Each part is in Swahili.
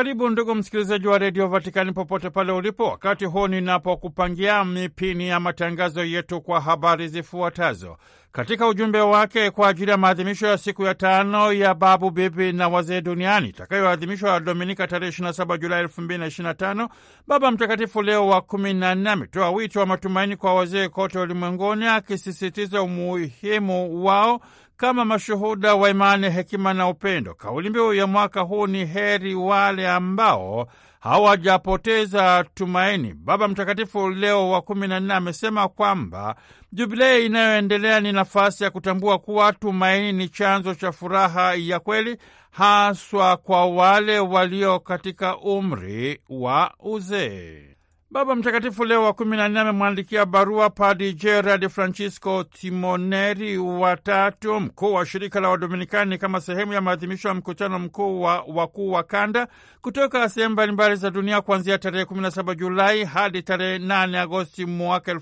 Karibu ndugu msikilizaji wa redio Vatikani popote pale ulipo, wakati huu ninapokupangia mipini ya matangazo yetu kwa habari zifuatazo. Katika ujumbe wake kwa ajili ya maadhimisho ya siku ya tano ya babu, bibi na wazee duniani itakayoadhimishwa Dominika tarehe 27 Julai 2025, Baba Mtakatifu Leo wa 14 ametoa wito wa matumaini kwa wazee kote ulimwenguni, akisisitiza umuhimu wao kama mashuhuda wa imani, hekima na upendo. Kauli mbiu ya mwaka huu ni heri wale ambao hawajapoteza tumaini. Baba Mtakatifu Leo wa kumi na nne amesema kwamba jubilei inayoendelea ni nafasi ya kutambua kuwa tumaini ni chanzo cha furaha ya kweli, haswa kwa wale walio katika umri wa uzee. Baba Mtakatifu Leo wa kumi na nne amemwandikia barua Padi Gerard Francisco Timoneri watatu mkuu wa shirika la Wadominikani kama sehemu ya maadhimisho ya mkutano mkuu wa wakuu wa kanda kutoka sehemu mbalimbali za dunia kuanzia tarehe 17 Julai hadi tarehe 8 Agosti mwaka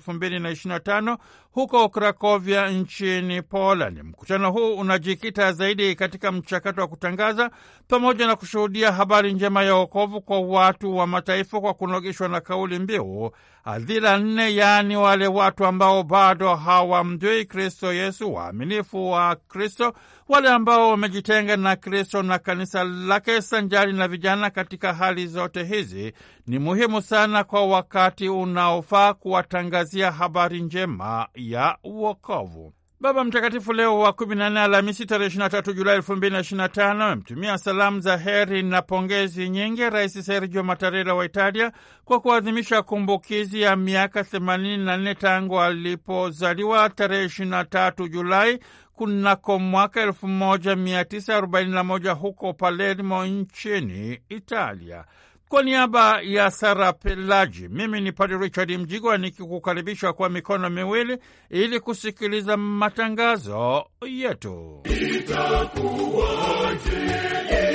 tano huko Krakovia nchini Poland. Mkutano huu unajikita zaidi katika mchakato wa kutangaza pamoja na kushuhudia habari njema ya wokovu kwa watu wa mataifa kwa kunogeshwa na kauli mbiu adhira nne, yaani wale watu ambao bado hawamjui Kristo Yesu, waaminifu wa Kristo wa wale ambao wamejitenga na Kristo na kanisa lake, sanjari na vijana. Katika hali zote hizi, ni muhimu sana kwa wakati unaofaa kuwatangazia habari njema ya wokovu. Baba Mtakatifu Leo wa 14 Alhamisi tarehe 23 Julai 2025 amemtumia salamu za heri na pongezi nyingi Rais Sergio Mattarella wa Italia kwa kuadhimisha kumbukizi ya miaka 84 tangu alipozaliwa tarehe 23 Julai kunako mwaka 1941 huko Palermo nchini Italia. Kwa niaba ya sarapelaji mimi ni Padre Richard Mjigwa nikikukaribisha kwa mikono miwili ili kusikiliza matangazo yetu. Itakuwaje,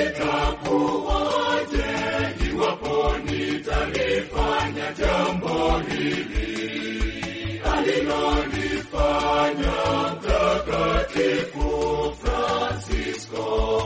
itakuwaje iwapo nitalifanya jambo hili alilolifanya Mtakatifu Fransisko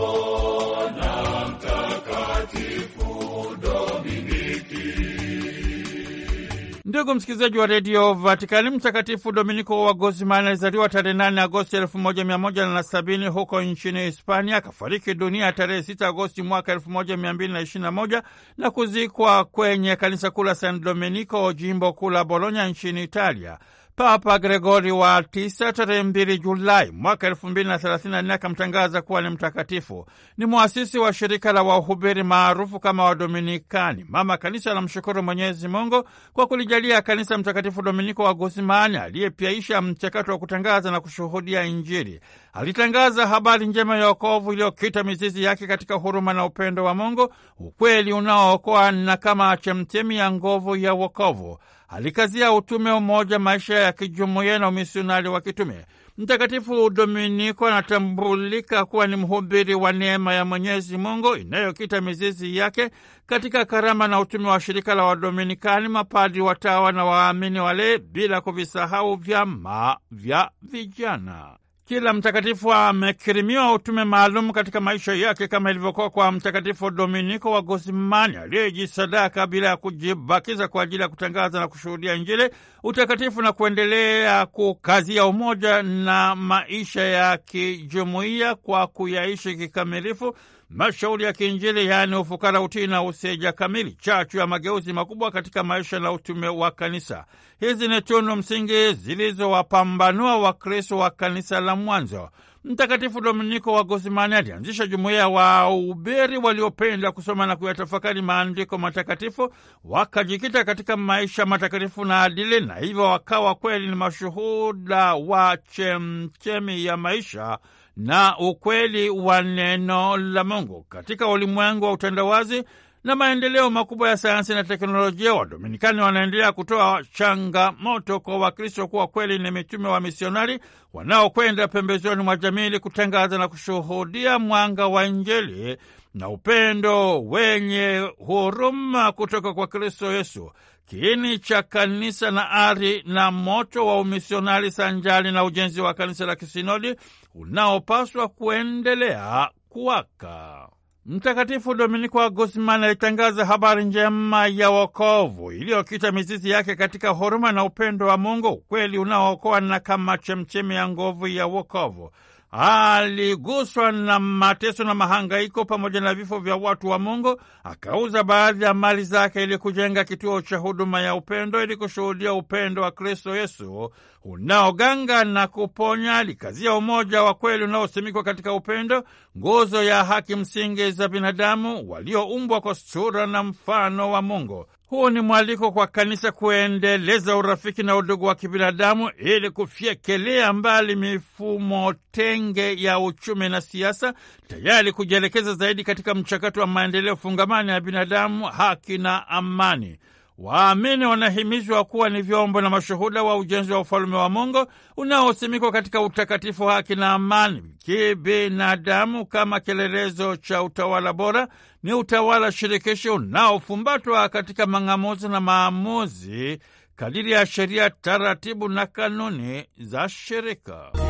Ndugu msikilizaji wa redio Vatikani, Mtakatifu Dominiko wa Guzman alizaliwa tarehe 8 Agosti 1170 huko nchini Hispania. Akafariki dunia tarehe 6 Agosti mwaka 1221 na kuzikwa kwenye kanisa kuu la San Domenico, jimbo kuu la Bologna nchini Italia. Papa Gregori wa tisa tarehe mbili Julai mwaka elfu mbili na thelathini na nne akamtangaza kuwa ni mtakatifu. Ni mwasisi wa shirika la wahubiri maarufu kama Wadominikani. Mama Kanisa anamshukuru Mwenyezi Mungu kwa kulijalia kanisa Mtakatifu Dominiko wa gusimani aliyepiaisha mchakato wa kutangaza na kushuhudia Injili. Alitangaza habari njema ya wokovu iliyokita mizizi yake katika huruma na upendo wa Mungu, ukweli unaookoa na kama chemchemi ya nguvu ya wokovu alikazia utume, umoja, maisha ya kijumuiya na umisionari wa kitume. Mtakatifu Dominiko anatambulika kuwa ni mhubiri wa neema ya Mwenyezi Mungu inayokita mizizi yake katika karama na utume wa shirika la Wadominikani, mapadi, watawa na waamini wale, bila kuvisahau vyama vya vijana. Kila mtakatifu amekirimiwa utume maalum katika maisha yake kama ilivyokuwa kwa Mtakatifu Dominiko wa Guzmani aliyejisadaka bila ya kujibakiza kwa ajili ya kutangaza na kushuhudia Injili, utakatifu na kuendelea kukazia umoja na maisha ya kijumuiya kwa kuyaishi kikamilifu mashauri ya kiinjili yaani ufukara, utii na useja kamili, chachu ya mageuzi makubwa katika maisha na utume wa kanisa. Hizi ni tunu msingi zilizowapambanua Wakristo wa kanisa la mwanzo. Mtakatifu Dominiko wa gusimani alianzisha jumuiya wa uberi waliopenda kusoma na kuyatafakari maandiko matakatifu, wakajikita katika maisha matakatifu na adili, na hivyo wakawa kweli ni mashuhuda wa chemchemi ya maisha na ukweli wa neno la Mungu. Katika ulimwengu wa utandawazi na maendeleo makubwa ya sayansi na teknolojia, Wadominikani wanaendelea kutoa changamoto kwa Wakristo kuwa kweli ni mitume wa misionari wanaokwenda pembezoni mwa jamii ili kutangaza na kushuhudia mwanga wa Injili na upendo wenye huruma kutoka kwa Kristo Yesu kiini cha kanisa na ari na moto wa umisionari sanjali na ujenzi wa kanisa la kisinodi unaopaswa kuendelea kuwaka. Mtakatifu Dominiko wa Guzman alitangaza habari njema ya wokovu iliyokita mizizi yake katika huruma na upendo wa Mungu, ukweli unaookoa na kama chemchemi ya nguvu ya wokovu aliguswa na mateso na mahangaiko pamoja na vifo vya watu wa Mungu, akauza baadhi ya mali zake ili kujenga kituo cha huduma ya upendo ili kushuhudia upendo wa Kristo Yesu unaoganga na kuponya. Alikazia umoja wa kweli unaosimikwa katika upendo, nguzo ya haki msingi za binadamu walioumbwa kwa sura na mfano wa Mungu. Huu ni mwaliko kwa kanisa kuendeleza urafiki na udugu wa kibinadamu ili kufyekelea mbali mifumo tenge ya uchumi na siasa, tayari kujielekeza zaidi katika mchakato wa maendeleo fungamani ya binadamu, haki na amani. Waamini wanahimizwa kuwa ni vyombo na mashuhuda wa ujenzi wa ufalume wa Mungu unaosimikwa katika utakatifu, haki na amani kibinadamu. Kama kielelezo cha utawala bora ni utawala shirikishi unaofumbatwa katika mang'amuzi na maamuzi kadiri ya sheria, taratibu na kanuni za shirika.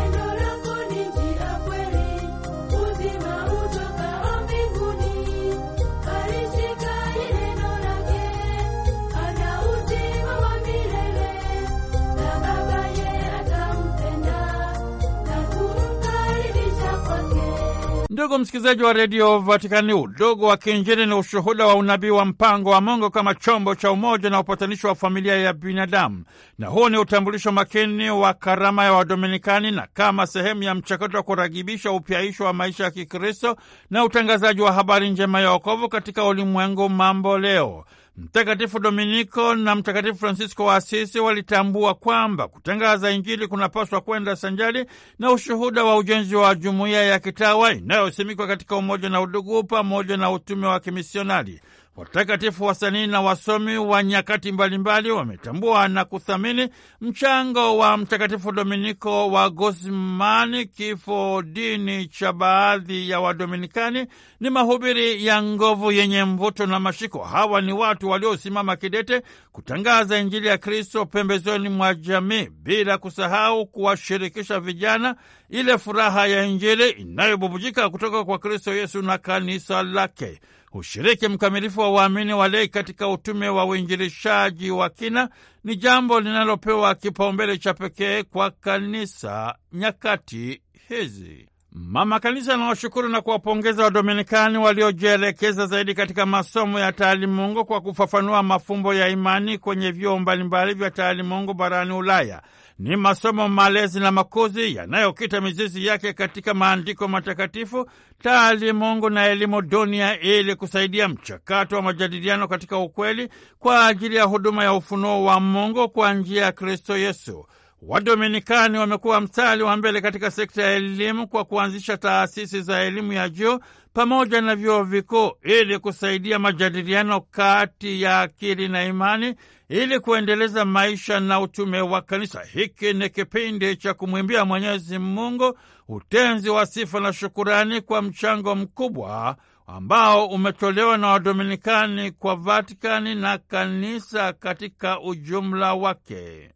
Ndugu msikilizaji wa redio Vatikani, udugu wa kiinjili ni ushuhuda wa unabii wa mpango wa Mungu kama chombo cha umoja na upatanisho wa familia ya binadamu, na huu ni utambulisho makini wa karama ya Wadominikani na kama sehemu ya mchakato wa kuragibisha upyaisho wa maisha ya Kikristo na utangazaji wa habari njema ya wokovu katika ulimwengu mambo leo. Mtakatifu Dominiko na Mtakatifu Francisco wa Asisi walitambua kwamba kutangaza Injili kunapaswa kwenda sanjari na ushuhuda wa ujenzi wa jumuiya ya kitawa inayosimikwa katika umoja na udugu pamoja na utume wa kimisionari. Watakatifu, wasanii na wasomi wa nyakati mbalimbali wametambua na kuthamini mchango wa Mtakatifu Dominiko wa Guzmani. Kifo dini cha baadhi ya Wadominikani ni mahubiri ya nguvu yenye mvuto na mashiko. Hawa ni watu waliosimama kidete kutangaza Injili ya Kristo pembezoni mwa jamii, bila kusahau kuwashirikisha vijana ile furaha ya Injili inayobubujika kutoka kwa Kristo Yesu na kanisa lake. Ushiriki mkamilifu wa waamini walei katika utume wa uinjilishaji wa kina ni jambo linalopewa kipaumbele cha pekee kwa kanisa nyakati hizi. Mama Kanisa anawashukuru na kuwapongeza Wadominikani waliojielekeza zaidi katika masomo ya taalimungu kwa kufafanua mafumbo ya imani kwenye vyuo mbalimbali vya taalimungu barani Ulaya ni masomo malezi na makuzi yanayokita mizizi yake katika maandiko matakatifu, taalimungu na elimu dunia, ili kusaidia mchakato wa majadiliano katika ukweli kwa ajili ya huduma ya ufunuo wa Mungu kwa njia ya Kristo Yesu. Wadominikani wamekuwa mstari wa mbele katika sekta ya elimu kwa kuanzisha taasisi za elimu ya juu pamoja na vyuo vikuu ili kusaidia majadiliano kati ya akili na imani ili kuendeleza maisha na utume wa kanisa. Hiki ni kipindi cha kumwimbia Mwenyezi Mungu utenzi wa sifa na shukurani kwa mchango mkubwa ambao umetolewa na Wadominikani kwa Vatikani na kanisa katika ujumla wake.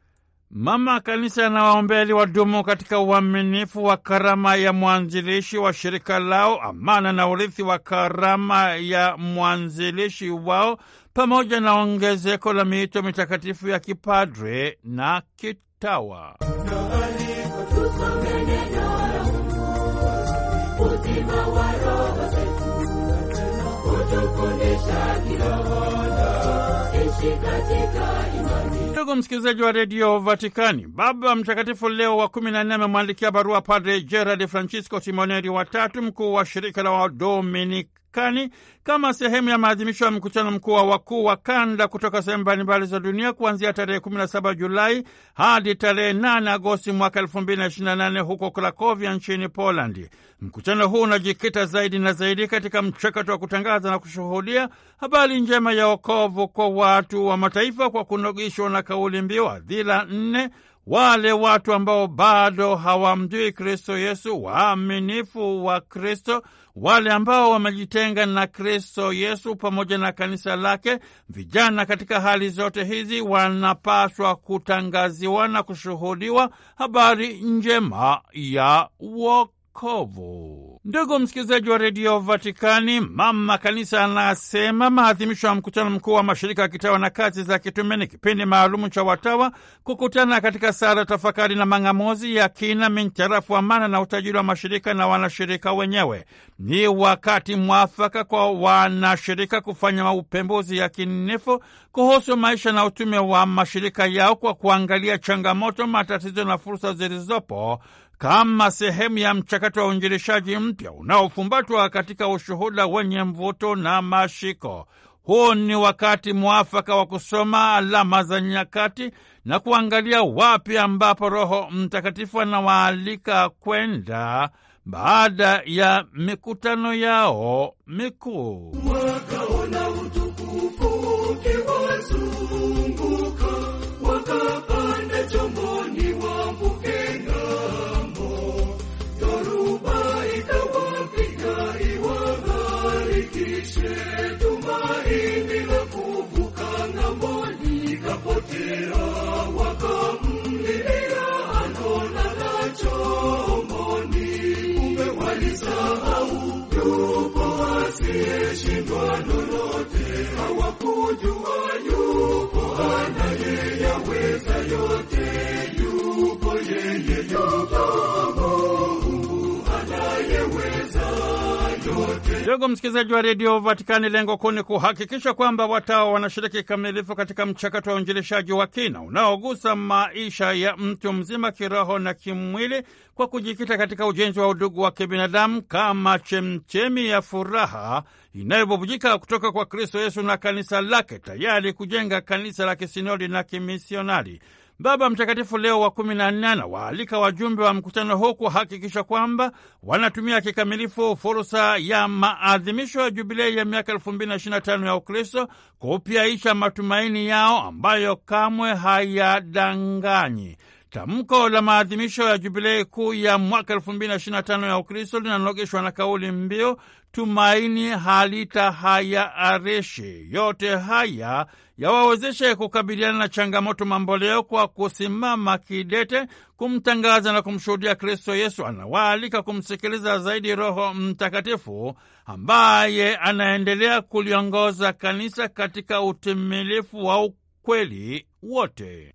Mama Kanisa na waombeli wadumu katika uaminifu wa karama ya mwanzilishi wa shirika lao, amana na urithi wa karama ya mwanzilishi wao, pamoja na ongezeko la miito mitakatifu ya kipadre na kitawa. Ndugu msikilizaji wa redio Vatikani, Baba Mtakatifu Leo wa kumi na nne amemwandikia barua Padre Gerard Francisco Timoneri watatu mkuu wa shirika la Wadominik Vatikani kama sehemu ya maadhimisho ya mkutano mkuu wa wakuu wa kanda kutoka sehemu mbalimbali za dunia kuanzia tarehe 17 Julai hadi tarehe 8 Agosti mwaka 2028 huko Krakovia nchini Polandi. Mkutano huu unajikita zaidi na zaidi katika mchakato wa kutangaza na kushuhudia habari njema ya wokovu kwa watu wa mataifa kwa kunogishwa na kauli mbiu adhila nne wale watu ambao bado hawamjui Kristo Yesu, waaminifu wa Kristo, wale ambao wamejitenga na Kristo Yesu pamoja na kanisa lake. Vijana katika hali zote hizi wanapaswa kutangaziwa na kushuhudiwa habari njema ya wokovu. Ndugu msikilizaji wa redio Vatikani, mama kanisa anasema maadhimisho ya mkutano mkuu wa mashirika ya kitawa na kazi za kitume ni kipindi maalumu cha watawa kukutana katika sara tafakari na mang'amuzi ya kina mintarafu mana na utajiri wa mashirika na wanashirika wenyewe. Ni wakati mwafaka kwa wanashirika kufanya upembuzi yakinifu kuhusu maisha na utume wa mashirika yao kwa kuangalia changamoto, matatizo na fursa zilizopo kama sehemu ya mchakato wa uinjilishaji mpya unaofumbatwa katika ushuhuda wenye mvuto na mashiko. Huu ni wakati mwafaka wa kusoma alama za nyakati na kuangalia wapi ambapo Roho Mtakatifu anawaalika kwenda baada ya mikutano yao mikuu. Ndugu msikilizaji wa redio Vatikani, lengo kuu ni kuhakikisha kwamba watawa wanashiriki kikamilifu katika mchakato wa uinjilishaji wa kina unaogusa maisha ya mtu mzima kiroho na kimwili, kwa kujikita katika ujenzi wa udugu wa kibinadamu kama chemchemi ya furaha inayobubujika kutoka kwa Kristo Yesu na kanisa lake, tayari kujenga kanisa la kisinodi na kimisionari. Baba Mtakatifu Leo wa kumi na nne anawaalika wajumbe wa mkutano huu kuhakikisha kwamba wanatumia kikamilifu fursa ya maadhimisho ya jubilei ya miaka elfu mbili na ishirini na tano ya Ukristo kupyaisha matumaini yao ambayo kamwe hayadanganyi. Tamko la maadhimisho ya jubilei kuu ya mwaka elfu mbili na ishirini na tano ya Ukristo linanogeshwa na kauli mbiu tumaini halita haya areshi Yote haya yawawezeshe kukabiliana na changamoto mamboleo kwa kusimama kidete kumtangaza na kumshuhudia Kristo Yesu. Anawaalika kumsikiliza zaidi Roho Mtakatifu ambaye anaendelea kuliongoza kanisa katika utimilifu wa ukweli wote.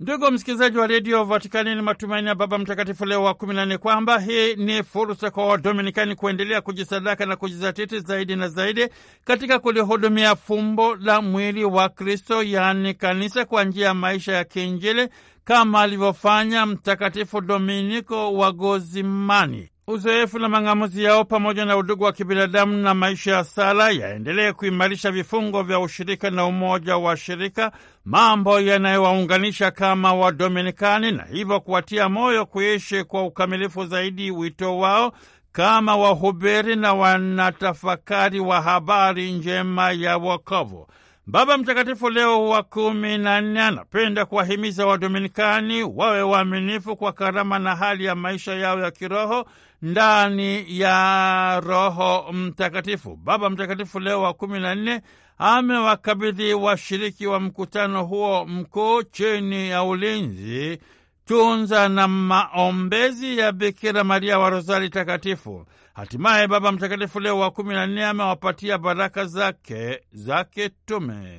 Ndugu msikilizaji wa redio Vatikani, ni matumaini ya Baba Mtakatifu Leo wa kumi na nne kwamba hii ni fursa kwa Wadominikani kuendelea kujisadaka na kujizatiti zaidi na zaidi katika kulihudumia fumbo la mwili wa Kristo, yaani kanisa, kwa njia ya maisha ya kiinjili kama alivyofanya Mtakatifu Dominiko wa Gozimani uzoefu na mang'amuzi yao pamoja na udugu wa kibinadamu na maisha ya sala yaendelee kuimarisha vifungo vya ushirika na umoja wa shirika, mambo yanayowaunganisha kama Wadominikani na hivyo kuwatia moyo kuishi kwa ukamilifu zaidi wito wao kama wahubiri na wanatafakari wa habari njema ya wokovu. Baba Mtakatifu Leo wa kumi na nne anapenda kuwahimiza Wadominikani wawe waaminifu kwa karama na hali ya maisha yao ya kiroho ndani ya Roho Mtakatifu. Baba Mtakatifu Leo wa kumi na nne amewakabidhi washiriki wa mkutano huo mkuu chini ya ulinzi tunza na maombezi ya Bikira Maria wa Rozari Takatifu. Hatimaye Baba Mtakatifu Leo wa kumi na nne amewapatia baraka zake za kitume.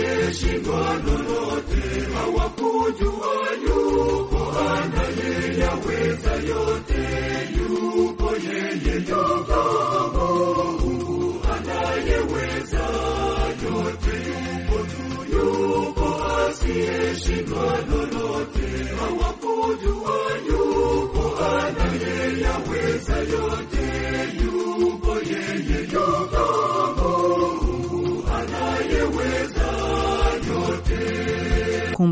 heshima lolote hawakujua yuko anayeyaweza yote yuko yeye yuko Mungu anayeweza yote yuko tu yuko asiyeshindwa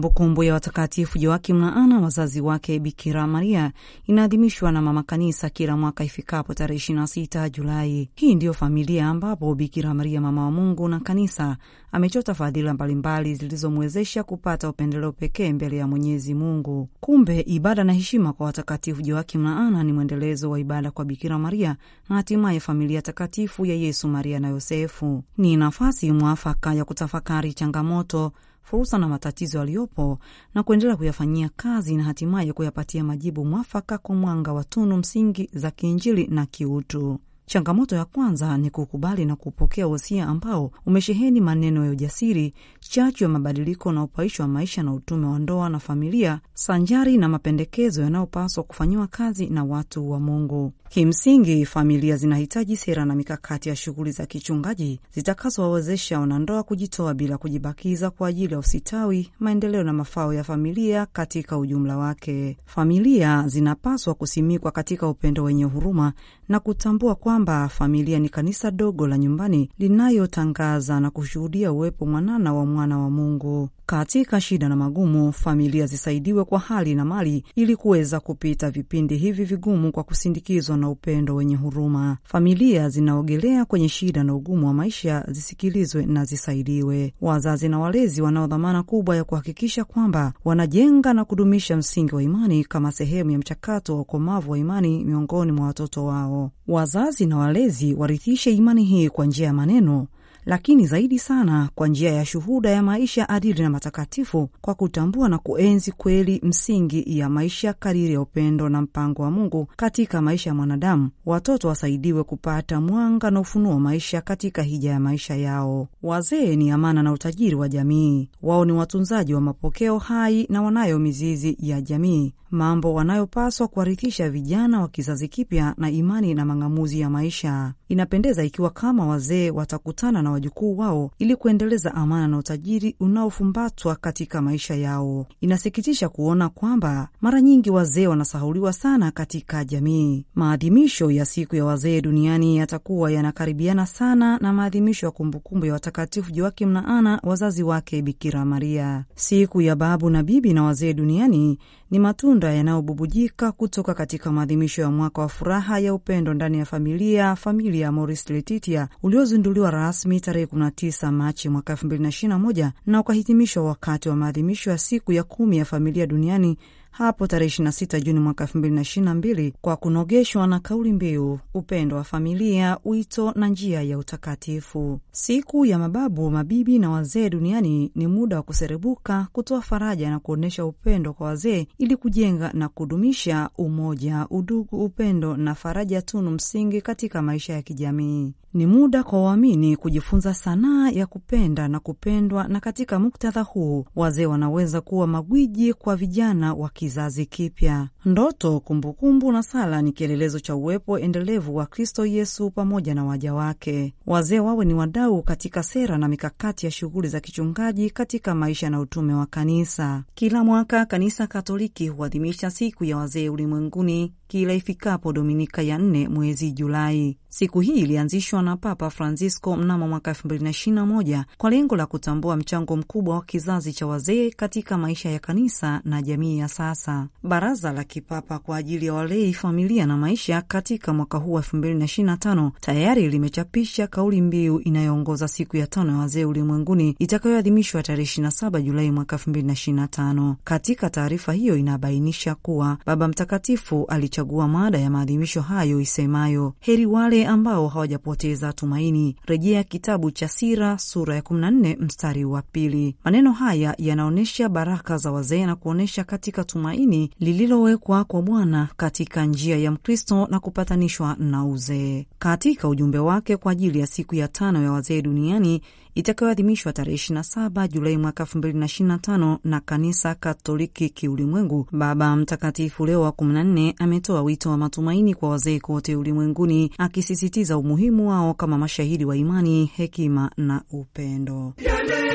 Kumbukumbu ya watakatifu Joakim na Ana, wazazi wake Bikira Maria, inaadhimishwa na Mama Kanisa kila mwaka ifikapo tarehe 26 Julai. Hii ndiyo familia ambapo Bikira Maria, mama wa Mungu na Kanisa, amechota fadhila mbalimbali zilizomwezesha kupata upendeleo pekee mbele ya Mwenyezi Mungu. Kumbe ibada na heshima kwa watakatifu Joakim na Ana ni mwendelezo wa ibada kwa Bikira Maria na hatimaye familia takatifu ya Yesu, Maria na Yosefu. Ni nafasi mwafaka ya kutafakari changamoto fursa na matatizo yaliyopo na kuendelea kuyafanyia kazi na hatimaye kuyapatia majibu mwafaka kwa mwanga wa tunu msingi za kiinjili na kiutu. Changamoto ya kwanza ni kukubali na kupokea wosia ambao umesheheni maneno ya ujasiri, chachu ya mabadiliko na upaishi wa maisha na utume wa ndoa na familia, sanjari na mapendekezo yanayopaswa kufanyiwa kazi na watu wa Mungu. Kimsingi, familia zinahitaji sera na mikakati ya shughuli za kichungaji zitakazowawezesha wanandoa kujitoa bila kujibakiza kwa ajili ya usitawi, maendeleo na mafao ya familia katika ujumla wake. Familia zinapaswa kusimikwa katika upendo wenye huruma na kutambua kwamba familia ni kanisa dogo la nyumbani linayotangaza na kushuhudia uwepo mwanana wa mwana mwana wa Mungu. Katika shida na magumu, familia zisaidiwe kwa hali na mali ili kuweza kupita vipindi hivi vigumu kwa kusindikizwa na upendo wenye huruma. Familia zinaogelea kwenye shida na ugumu wa maisha zisikilizwe na zisaidiwe. Wazazi na walezi wanao dhamana kubwa ya kuhakikisha kwamba wanajenga na kudumisha msingi wa imani kama sehemu ya mchakato wa ukomavu wa imani miongoni mwa watoto wao. Wazazi na walezi warithishe imani hii kwa njia ya maneno lakini zaidi sana kwa njia ya shuhuda ya maisha adili na matakatifu, kwa kutambua na kuenzi kweli msingi ya maisha kadiri ya upendo na mpango wa Mungu katika maisha ya mwanadamu. Watoto wasaidiwe kupata mwanga na ufunuo wa maisha katika hija ya maisha yao. Wazee ni amana na utajiri wa jamii, wao ni watunzaji wa mapokeo hai na wanayo mizizi ya jamii mambo wanayopaswa kuwarithisha vijana wa kizazi kipya na imani na mang'amuzi ya maisha. Inapendeza ikiwa kama wazee watakutana na wajukuu wao ili kuendeleza amana na utajiri unaofumbatwa katika maisha yao. Inasikitisha kuona kwamba mara nyingi wazee wanasahauliwa sana katika jamii. Maadhimisho ya siku ya wazee duniani yatakuwa yanakaribiana sana na maadhimisho ya kumbukumbu ya watakatifu Joakim na Ana, wazazi wake Bikira Maria. Siku ya babu na bibi na wazee duniani ni matunda matunda yanayobubujika kutoka katika maadhimisho ya mwaka wa furaha ya upendo ndani ya familia familia ya Letitia uliozinduliwa rasmi tarehe 19 Machi mwaka 2021 na ukahitimishwa wakati wa maadhimisho ya siku ya kumi ya familia duniani hapo tarehe 26 Juni mwaka 2022 kwa kunogeshwa na kauli mbiu upendo wa familia, wito na njia ya utakatifu. Siku ya mababu, mabibi na wazee duniani ni muda wa kuserebuka, kutoa faraja na kuonyesha upendo kwa wazee ili kujenga na kudumisha umoja, udugu, upendo na faraja, tunu msingi katika maisha ya kijamii. Ni muda kwa waamini kujifunza sanaa ya kupenda na kupendwa, na katika muktadha huu wazee wanaweza kuwa magwiji kwa vijana wa kizazi kipya. Ndoto, kumbukumbu na sala ni kielelezo cha uwepo endelevu wa Kristo Yesu pamoja na waja wake. Wazee wawe ni wadau katika sera na mikakati ya shughuli za kichungaji katika maisha na utume wa kanisa. Kila mwaka Kanisa Katoliki huadhimisha siku ya wazee ulimwenguni kila ifikapo Dominika ya nne mwezi Julai. Siku hii ilianzishwa na Papa Francisco mnamo mwaka 2021 kwa lengo la kutambua mchango mkubwa wa kizazi cha wazee katika maisha ya kanisa na jamii ya sasa. Baraza la Kipapa kwa ajili ya walei, familia na maisha katika mwaka huu wa 2025 tayari limechapisha kauli mbiu inayoongoza siku ya tano ya wazee ulimwenguni itakayoadhimishwa tarehe 27 Julai mwaka 2025. Katika taarifa hiyo inabainisha kuwa Baba Mtakatifu alicha kuchagua mada ya maadhimisho hayo isemayo heri wale ambao hawajapoteza tumaini, rejea kitabu cha Sira sura ya 14 mstari wa pili. Maneno haya yanaonyesha baraka za wazee na kuonyesha katika tumaini lililowekwa kwa Bwana katika njia ya Mkristo na kupatanishwa na uzee. Katika ujumbe wake kwa ajili ya siku ya tano ya wazee duniani itakayoadhimishwa tarehe 27 Julai mwaka 2025 na Kanisa Katoliki kiulimwengu. Baba Mtakatifu Leo wa 14 ametoa wito wa matumaini kwa wazee kote ulimwenguni, akisisitiza umuhimu wao kama mashahidi wa imani, hekima na upendo. Yale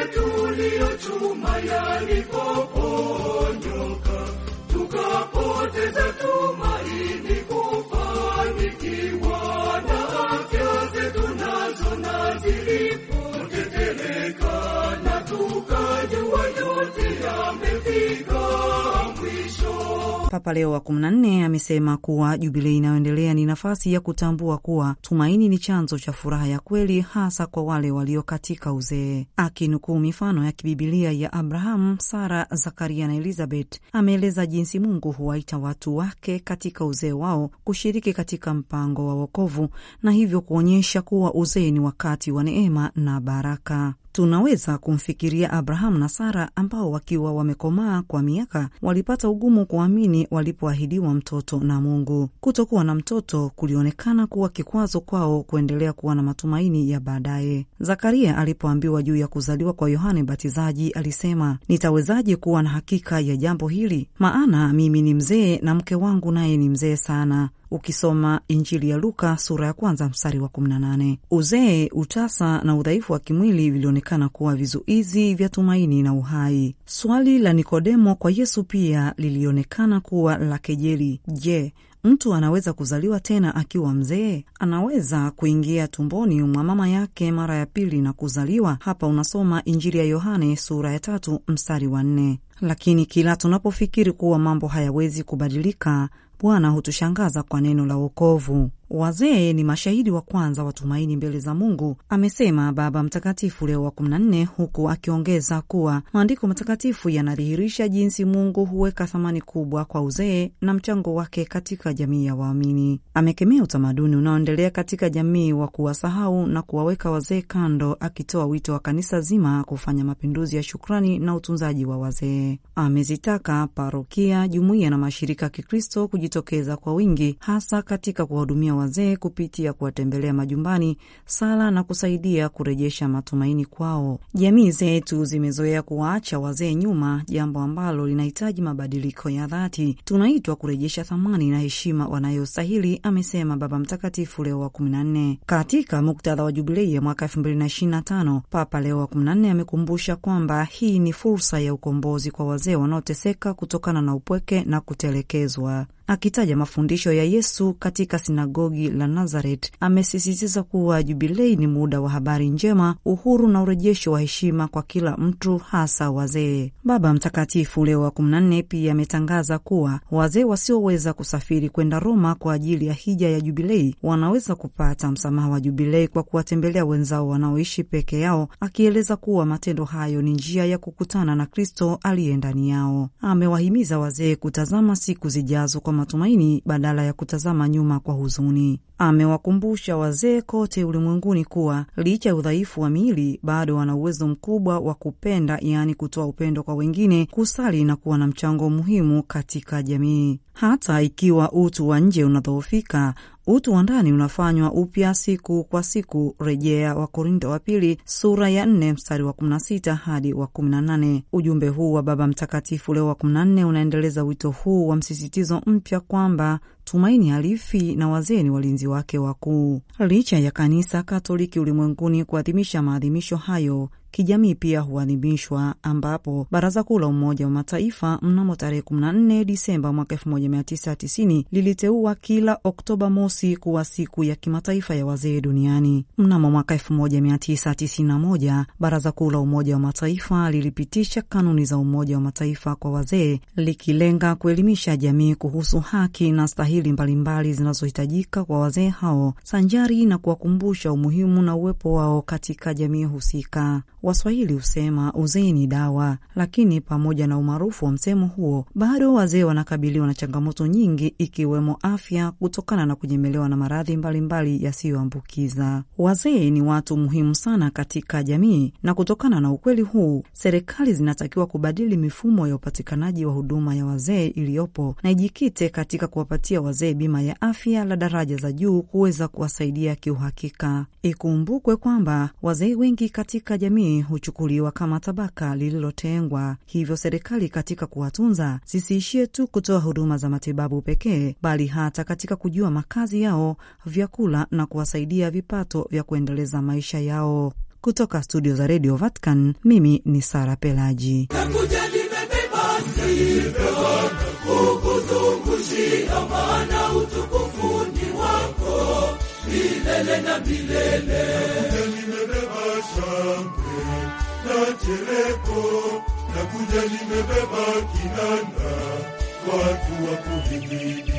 Papa Leo wa 14 amesema kuwa jubilei inayoendelea ni nafasi ya kutambua kuwa tumaini ni chanzo cha furaha ya kweli, hasa kwa wale walio katika uzee. Akinukuu mifano ya kibibilia ya Abrahamu, Sara, Zakaria na Elizabeth, ameeleza jinsi Mungu huwaita watu wake katika uzee wao kushiriki katika mpango wa wokovu na hivyo kuonyesha kuwa uzee ni wakati wa neema na baraka. Tunaweza kumfikiria Abrahamu na Sara ambao wakiwa wamekomaa kwa miaka walipata ugumu kuamini walipoahidiwa mtoto na Mungu. Kutokuwa na mtoto kulionekana kuwa kikwazo kwao kuendelea kuwa na matumaini ya baadaye. Zakaria alipoambiwa juu ya kuzaliwa kwa Yohane Mbatizaji alisema, nitawezaje kuwa na hakika ya jambo hili? Maana mimi ni mzee na mke wangu naye ni mzee sana. Ukisoma Injili ya Luka sura ya kwanza mstari wa 18, uzee, utasa na udhaifu wa kimwili vilionekana yanaonekana kuwa vizuizi vya tumaini na uhai. Swali la Nikodemo kwa Yesu pia lilionekana kuwa la kejeli. Je, mtu anaweza kuzaliwa tena akiwa mzee? Anaweza kuingia tumboni mwa mama yake mara ya pili na kuzaliwa? Hapa unasoma Injili ya Yohane sura ya tatu mstari wa nne. Lakini kila tunapofikiri kuwa mambo hayawezi kubadilika, Bwana hutushangaza kwa neno la wokovu. Wazee ni mashahidi wa kwanza wa tumaini mbele za Mungu, amesema Baba Mtakatifu Leo wa 14, huku akiongeza kuwa maandiko matakatifu yanadhihirisha jinsi Mungu huweka thamani kubwa kwa uzee na mchango wake katika jamii ya waamini. Amekemea utamaduni unaoendelea katika jamii wa kuwasahau na kuwaweka wazee kando, akitoa wito wa kanisa zima kufanya mapinduzi ya shukrani na utunzaji wa wazee. Amezitaka parokia, jumuiya na mashirika ya Kikristo kujitokeza kwa wingi, hasa katika kuwahudumia wazee kupitia kuwatembelea majumbani, sala na kusaidia kurejesha matumaini kwao. Jamii zetu zimezoea kuwaacha wazee nyuma, jambo ambalo linahitaji mabadiliko ya dhati. Tunaitwa kurejesha thamani na heshima wanayostahili, amesema Baba Mtakatifu Leo wa 14 katika muktadha wa jubilei ya mwaka 2025. Papa Leo wa 14 amekumbusha kwamba hii ni fursa ya ukombozi kwa wazee wanaoteseka kutokana na upweke na kutelekezwa. Akitaja mafundisho ya Yesu katika sinagogi la Nazaret, amesisitiza kuwa Jubilei ni muda wa habari njema, uhuru na urejesho wa heshima kwa kila mtu, hasa wazee. Baba Mtakatifu Leo wa 14 pia ametangaza kuwa wazee wasioweza kusafiri kwenda Roma kwa ajili ya hija ya Jubilei wanaweza kupata msamaha wa Jubilei kwa kuwatembelea wenzao wanaoishi peke yao, akieleza kuwa matendo hayo ni njia ya kukutana na Kristo aliye ndani yao. Amewahimiza wazee kutazama siku zijazo kwa matumaini badala ya kutazama nyuma kwa huzuni. Amewakumbusha wazee kote ulimwenguni kuwa licha ya udhaifu wa miili bado wana uwezo mkubwa wa kupenda, yaani kutoa upendo kwa wengine, kusali na kuwa na mchango muhimu katika jamii. Hata ikiwa utu wa nje unadhoofika, Utu wa ndani unafanywa upya siku kwa siku, rejea Korinto wa pili sura ya 4 mstari wa 16 hadi wa 18. Ujumbe huu wa Baba Mtakatifu Leo wa 14 unaendeleza wito huu wa msisitizo mpya kwamba tumaini halifi na wazee ni walinzi wake wakuu. Licha ya kanisa Katoliki ulimwenguni kuadhimisha maadhimisho hayo kijamii pia huadhimishwa, ambapo Baraza Kuu la Umoja wa Mataifa mnamo tarehe 14 Disemba mwaka 1990 liliteua kila Oktoba mosi kuwa siku ya kimataifa ya wazee duniani. Mnamo mwaka 1991 Baraza Kuu la Umoja wa Mataifa lilipitisha kanuni za Umoja wa Mataifa kwa wazee, likilenga kuelimisha jamii kuhusu haki na stahili mbalimbali zinazohitajika kwa wazee hao, sanjari na kuwakumbusha umuhimu na uwepo wao katika jamii husika. Waswahili husema uzee ni dawa, lakini pamoja na umaarufu wa msemo huo, bado wazee wanakabiliwa na changamoto nyingi, ikiwemo afya kutokana na kunyemelewa na maradhi mbalimbali yasiyoambukiza. Wazee ni watu muhimu sana katika jamii, na kutokana na ukweli huu, serikali zinatakiwa kubadili mifumo ya upatikanaji wa huduma ya wazee iliyopo na ijikite katika kuwapatia wazee bima ya afya la daraja za juu kuweza kuwasaidia kiuhakika. Ikumbukwe kwamba wazee wengi katika jamii huchukuliwa kama tabaka lililotengwa, hivyo serikali katika kuwatunza zisiishie tu kutoa huduma za matibabu pekee, bali hata katika kujua makazi yao, vyakula na kuwasaidia vipato vya kuendeleza maisha yao. Kutoka studio za redio Vatican, mimi ni Sara Pelaji. Kukuzungushia maana utukufu milele na milele. Nimebeba shangwe na chereko, nakuja nimebeba kinanda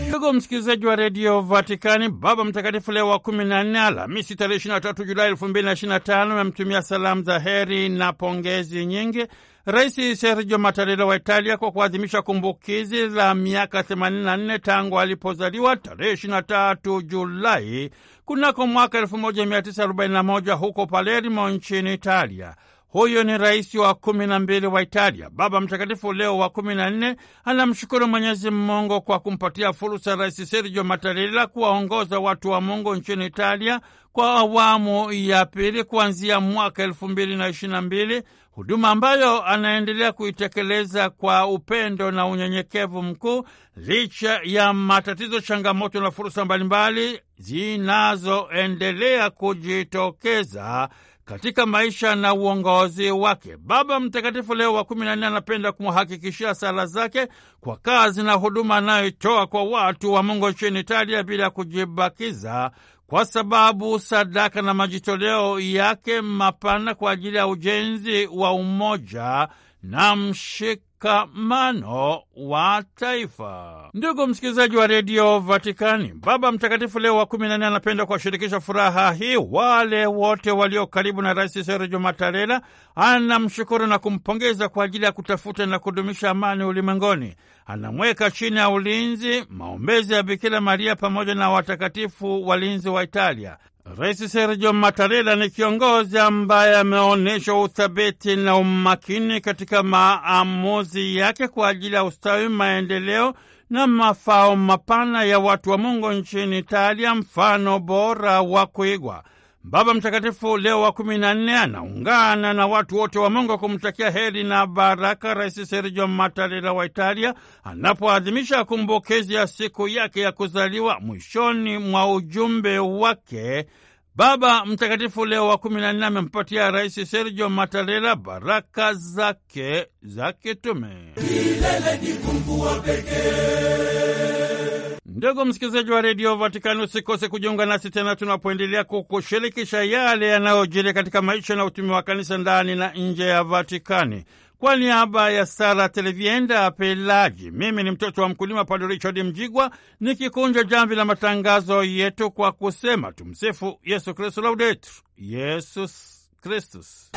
Ndugu msikilizaji wa redio Vatikani, Baba Mtakatifu Leo wa 14 Alhamisi tarehe 23 Julai elfu amemtumia salamu za heri na pongezi nyingi Rais Sergio Mattarella wa Italia kwa kuadhimisha kumbukizi la miaka 84 tangu alipozaliwa tarehe 23 Julai kunako mwaka 1941 huko Palermo nchini Italia. Huyu ni rais wa kumi na mbili wa Italia. Baba Mtakatifu Leo wa kumi na nne anamshukuru Mwenyezi Mungu kwa kumpatia fursa Rais Sergio Mattarella kuwaongoza watu wa Mungu nchini Italia kwa awamu ya pili kuanzia mwaka elfu mbili na ishirini na mbili, huduma ambayo anaendelea kuitekeleza kwa upendo na unyenyekevu mkuu licha ya matatizo, changamoto na fursa mbalimbali zinazoendelea kujitokeza katika maisha na uongozi wake. Baba Mtakatifu Leo wa kumi na nne anapenda kumhakikishia sala zake kwa kazi na huduma anayotoa kwa watu wa Mungu nchini Italia bila kujibakiza, kwa sababu sadaka na majitoleo yake mapana kwa ajili ya ujenzi wa umoja na mshika mshikamano wa taifa. Ndugu msikilizaji wa redio Vatikani, Baba Mtakatifu Leo wa kumi na nne anapenda kuwashirikisha furaha hii wale wote walio karibu na Rais Sergio Matarela. Anamshukuru na kumpongeza kwa ajili ya kutafuta na kudumisha amani ulimwengoni. Anamweka chini ya ulinzi maombezi ya Bikira Maria pamoja na watakatifu walinzi wa Italia. Rais Sergio Matarela ni kiongozi ambaye ameonyesha uthabiti na umakini katika maamuzi yake kwa ajili ya ustawi, maendeleo na mafao mapana ya watu wa Mungu nchini Italia, mfano bora wa kuigwa. Baba Mtakatifu Leo wa kumi na nne anaungana na watu wote wa Mungu kumtakia heri na baraka Rais Sergio Mattarella wa Italia anapoadhimisha kumbukizi ya siku yake ya kuzaliwa. Mwishoni mwa ujumbe wake, Baba Mtakatifu Leo wa kumi na nne amempatia Rais Sergio Mattarella baraka zake za kitume. Milele ni Mungu wa pekee Ndugu msikilizaji wa redio Vatikani, usikose kujiunga nasi tena tunapoendelea kukushirikisha yale yanayojiri katika maisha na utumi wa kanisa ndani na nje ya Vatikani. Kwa niaba ya Sara Televienda Pelaji, mimi ni mtoto wa mkulima Padre Richard Mjigwa, nikikunja jamvi la matangazo yetu kwa kusema tumsifu Yesu Kristu, laudetur Yesus Kristus.